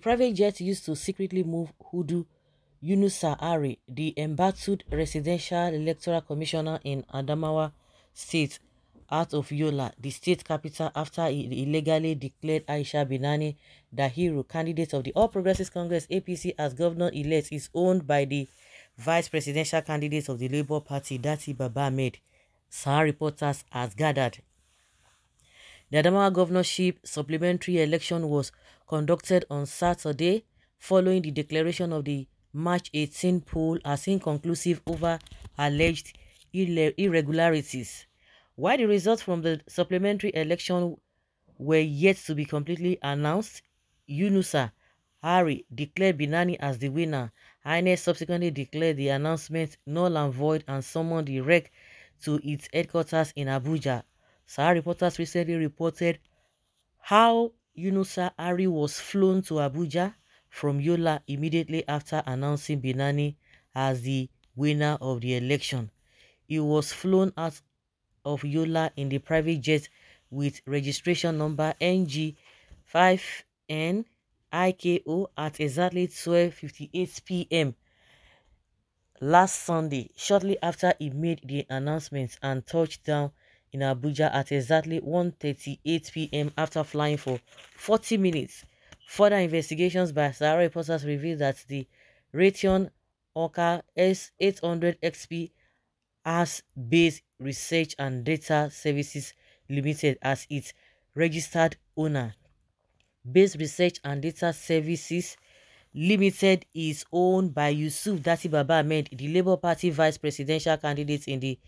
private jet used to secretly move Hudu Yunus Sa'ari, the embattled Residential Electoral Commissioner in Adamawa State, out of Yola, the state capital, after he illegally declared Aisha Binani hero candidate of the All Progressives Congress APC as governor-elect, is owned by the vice presidential candidate of the Labour Party, Dati Baba Ahmed. Sahara reporters has gathered. The Adamawa governorship supplementary election was conducted on Saturday following the declaration of the March 18 poll as inconclusive over alleged irregularities. While the results from the supplementary election were yet to be completely announced, Yunusa Hari declared Binani as the winner. INEC subsequently declared the announcement null and void and summoned the REC to its headquarters in Abuja. Sahara reporters recently reported how Yunusa Ari was flown to Abuja from Yola immediately after announcing Binani as the winner of the election. He was flown out of Yola in the private jet with registration number NG5NIKO at exactly 12.58 p.m. last Sunday, shortly after he made the announcement and touched down in Abuja at exactly 1.38 p.m. after flying for 40 minutes. Further investigations by Sahara reporters revealed that the Raytheon Orca S800XP has Base Research and Data Services Limited as its registered owner. Base Research and Data Services Limited is owned by Yusuf Dati Baba Ahmed, the Labour Party vice presidential candidate in the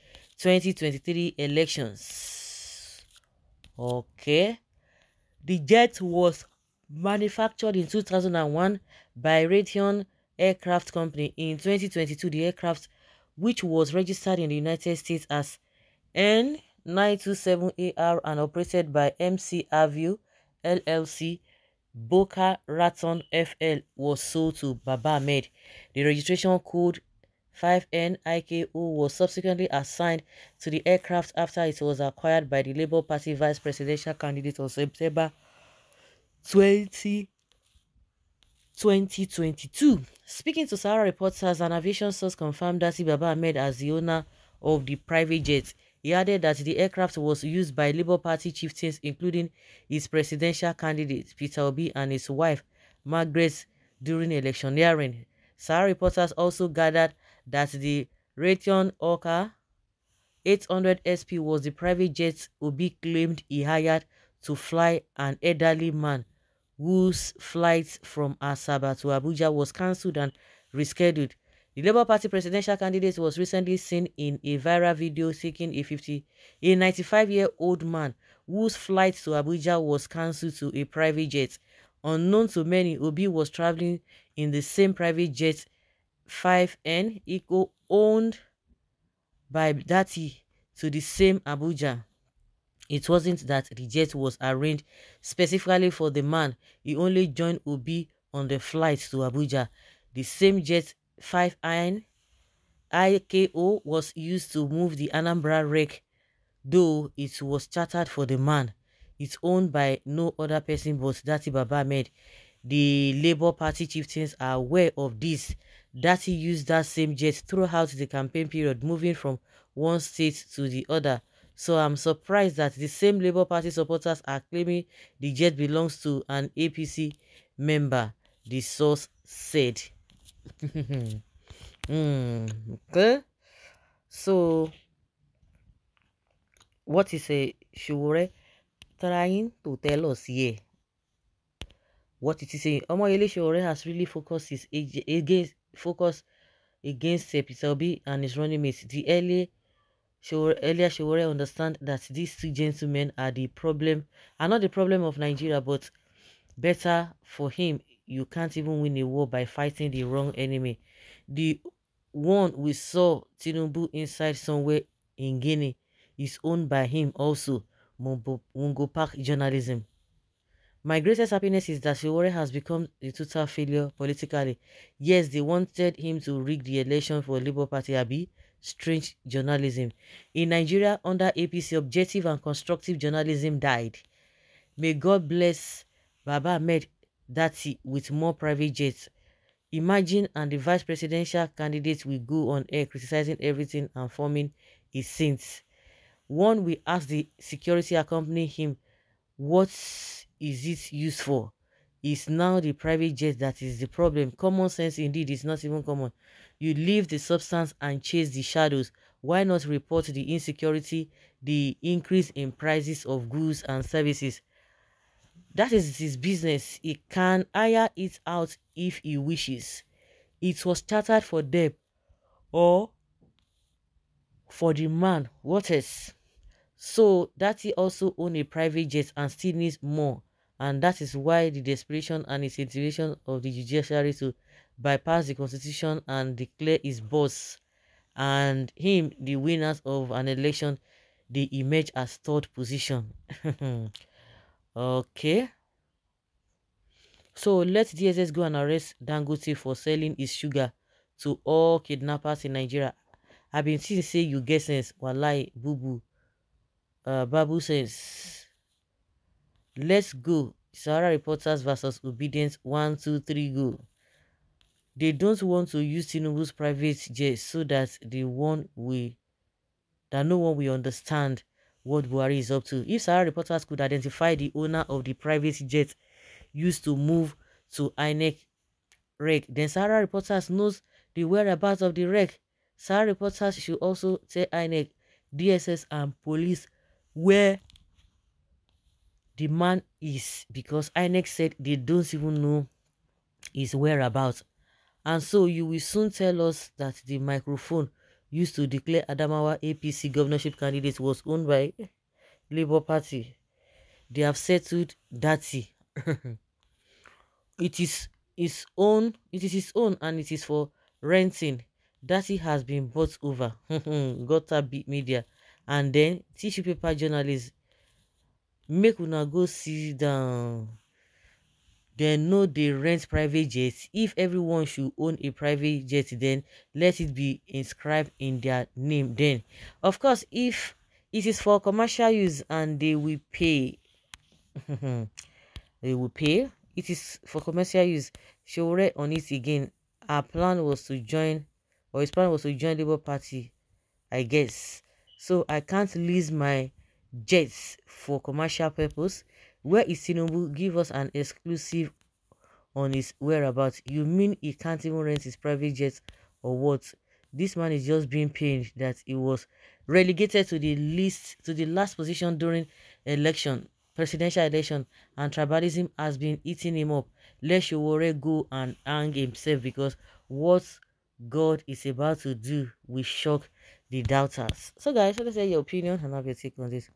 2023 elections. Okay. The jet was manufactured in 2001 by Raytheon Aircraft Company. In 2022, the aircraft, which was registered in the United States as N927AR and operated by MC Avio LLC, Boca Raton FL, was sold to Baba Ahmed. The registration code 5N was subsequently assigned to the aircraft after it was acquired by the Labour Party vice presidential candidate on September 20, 2022. Speaking to Sarah reporters, an aviation source confirmed that Baba Ahmed as the owner of the private jet. He added that the aircraft was used by Labour Party chieftains, including his presidential candidate, Peter Obi, and his wife, Margaret, during electioneering. Sarah reporters also gathered that the Raytheon Orca 800 SP was the private jet Obi claimed he hired to fly an elderly man whose flight from Asaba to Abuja was cancelled and rescheduled. The Labour Party presidential candidate was recently seen in a viral video taking a 50, a 95-year-old man whose flight to Abuja was cancelled to a private jet. Unknown to many, Obi was traveling in the same private jet 5n equal owned by Dati to the same Abuja. It wasn't that the jet was arranged specifically for the man. He only joined Obi on the flight to Abuja. The same jet 5N IKO was used to move the Anambra wreck, though it was chartered for the man. It's owned by no other person but Dati Baba Med. The Labour Party chieftains are aware of this he used that same jet throughout the campaign period, moving from one state to the other. So I'm surprised that the same Labour Party supporters are claiming the jet belongs to an APC member, the source said. mm, okay. So, what is a Shure trying to tell us here? what it is saying. Omoyele Sowore has really focused his age, against focus against Sepisobi and his running mates. The early Sowore, earlier Sowore understand that these two gentlemen are the problem, are not the problem of Nigeria, but better for him. You can't even win a war by fighting the wrong enemy. The one we saw Tinubu inside somewhere in Guinea is owned by him also. Mungo Park Journalism. My greatest happiness is that Shiwore has become a total failure politically. Yes, they wanted him to rig the election for Labour Party Abi. Strange journalism. In Nigeria, under APC, objective and constructive journalism died. May God bless Baba Ahmed Dati with more private jets. Imagine and the vice presidential candidate will go on air criticizing everything and forming his sins. One will ask the security accompanying him, what's is it useful? It's now the private jet that is the problem. Common sense indeed is not even common. You leave the substance and chase the shadows. Why not report the insecurity, the increase in prices of goods and services? That is his business. He can hire it out if he wishes. It was chartered for them, or for the man. What else? So that he also owns a private jet and still needs more. And that is why the desperation and its integration of the judiciary to bypass the constitution and declare his boss and him the winners of an election, they emerge as third position. okay. So let DSS go and arrest Dangote for selling his sugar to all kidnappers in Nigeria. I've been seeing say you get sense, walai, boo uh, babu sense. Let's go. Sahara Reporters versus Obedience. One, two, three, go. They don't want to use Tinubu's private jet so that the one we that no one will understand what Buhari is up to. If Sahara reporters could identify the owner of the private jet used to move to INEC wreck, then Sahara reporters knows the whereabouts of the wreck. Sahara reporters should also tell INEC, DSS, and police where the man is because INEC said they don't even know his whereabouts. And so you will soon tell us that the microphone used to declare Adamawa APC governorship candidate was owned by Labour Party. They have settled that. it is his own, it is his own and it is for renting. Dirty has been bought over. Gotta beat media. And then tissue paper journalists make una go sit down dem no dey rent private jets. if everyone should own a private jet then let it be inscribed in their name then of course if it is for commercial use and they will pay they will pay it is for commercial use she will read on it again her plan was to join or his plan was to join labour party i guess so i can't lose my jets for commercial purpose? Where is Tinubu? Give us an exclusive on his whereabouts. You mean he can't even rent his private jets, or what? This man is just being pained that he was relegated to the least to the last position during election, presidential election, and tribalism has been eating him up. Let worry go and hang himself because what God is about to do will shock the doubters. So guys, let us hear your opinion and have your take on this.